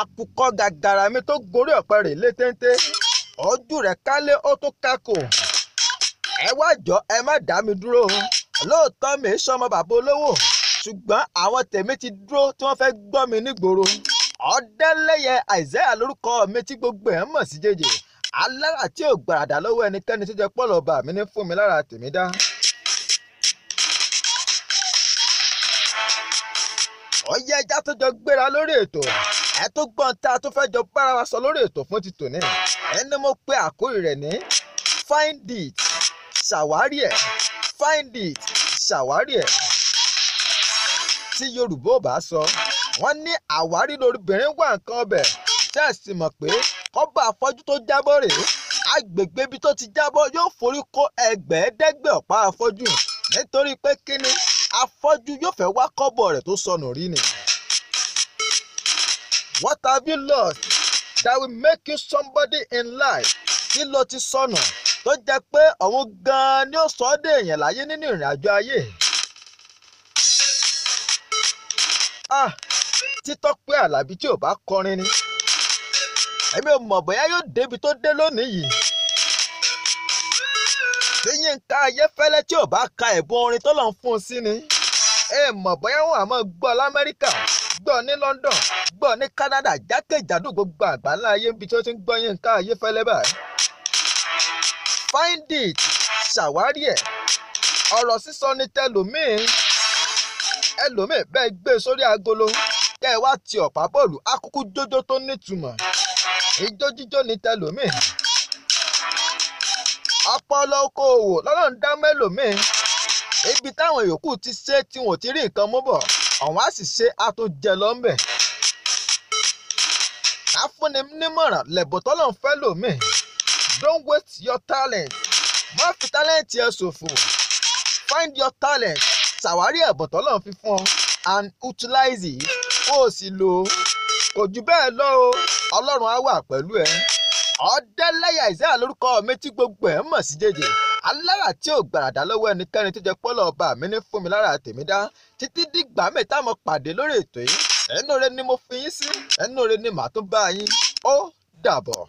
àkùkọ gàgàrà mi tó gorí ọ̀pẹ rẹ̀ lé téńté ojú rẹ̀ kálé ó tó kákò ẹ wá jọ ẹ má dá mi dúró lóòótọ́ mi ń sọmọ bàbá olówó ṣùgbọ́n àwọn tèmi ti dúró tí wọ́n fẹ́ gbọ́ mi nígboro ọ̀dẹ́lẹ́yẹ Isaiah lórúkọ mi tí gbogbo ẹ̀ mọ̀ sí jẹjẹ alára tí ò gbàràdà lọ́wọ́ ẹnikẹ́ni tó jẹ pọ́lọ̀ ọba mi ní fún mi lára tèmi dá. ọ̀yẹ́ ẹja tó jọ gbéra lórí ètò ẹ tó gbọ́n tá a tó fẹ́ jọ bára wa sọ lórí ètò fún ti tòní ẹni mo pe àkórí rẹ̀ ní find it ṣàwárí ẹ̀ find it ṣàwárí ẹ̀ tí Yorùbá ò bá sọ wọ́n ní àwárí lóbìnrin wà nǹkan ọbẹ̀ tẹ́ ẹ̀ sì mọ̀ pé kọ́bà afọ́jú tó jábọ́ rèé agbègbè ibi tó ti jábọ́ yóò forí kó ẹgbẹ̀ẹ́dẹ́gbẹ̀ ọ̀pá afọ́jú nítorí pé kíni afọ́jú yóò fẹ́ wá kọ́bọ̀ rẹ̀ tó sọnù rí ni What have you lost that will make you somebody in life? Kí ló ti sọnù tó jẹ́ pé òun gan-an ni ó sọ ọ́ dèèyàn láyé nínú ìrìn àjò ayé? Ah, Títọ́pẹ́ Àlàbí tí ò bá kọrin ni èmi ò mọ̀ bóyá yóò débi tó dé lónìí yìí. bí Yínká Ayéfẹ́lẹ́ tí ò bá ka ẹ̀bùn orin tó lọ́n fún un sí ni ẹ mọ̀ bóyá wọn àmọ́ gbọ́ l'Amẹ́ríkà gbọ́ ní London gbọ́ ní Canada jákèjádò gbogbo àgbáńlá ayé níbi tí wọ́n ti ń gbọ́ Yínká Ayéfẹ́lẹ́ báyìí. find it ṣàwárí ẹ̀ ọ̀rọ̀ sísọ ní tẹlòmíín ẹlòmíín bẹ́ẹ̀ gbé e sórí agolo kẹ́ ẹ wá ti ọ̀pá bọ́ọ̀lù akúkú jójó tó nítumọ̀ ijó jíjó ní tẹlòmíín ọpọlọ okòòwò lọ́nà ń dá mẹ́lòmíín ibi táwọn yòókù ti ṣe tí wọ́n ti rí nǹkan mú bọ̀ àwọn àṣìṣe àtúnjẹ lọ́nbẹ̀. àfúnni nímọ̀ràn lẹ̀bùn tọ́lọ̀ ń fẹ́ lòmíì don't waste your talent má fi tálẹ́ǹtì ẹ ṣòfò find your talent ṣàwárí ẹ̀bùn tọ́lọ̀ ń fi fún ọ and utilize it kó o sì lò ó kò jù bẹ́ẹ̀ lọ o ọlọ́run á wà pẹ̀lú ẹ ọ̀dẹ́lẹ́yà ìṣẹ́ àlórúkọ mi tí gbogbo ẹ̀ mọ̀ sí jẹ́jẹ́ alára tí ò gbàràdà lọ́wọ́ ẹnikẹ́ni tó jẹ pọ́lọ̀ ọba mi ní fún mi lára tèmi dá títí dìgbà mi tá mo pàdé lórí ètò yìí ẹnu rẹ ni mo fi yín sí ẹnu rẹ ni màá tún bá yín ó dàbọ̀.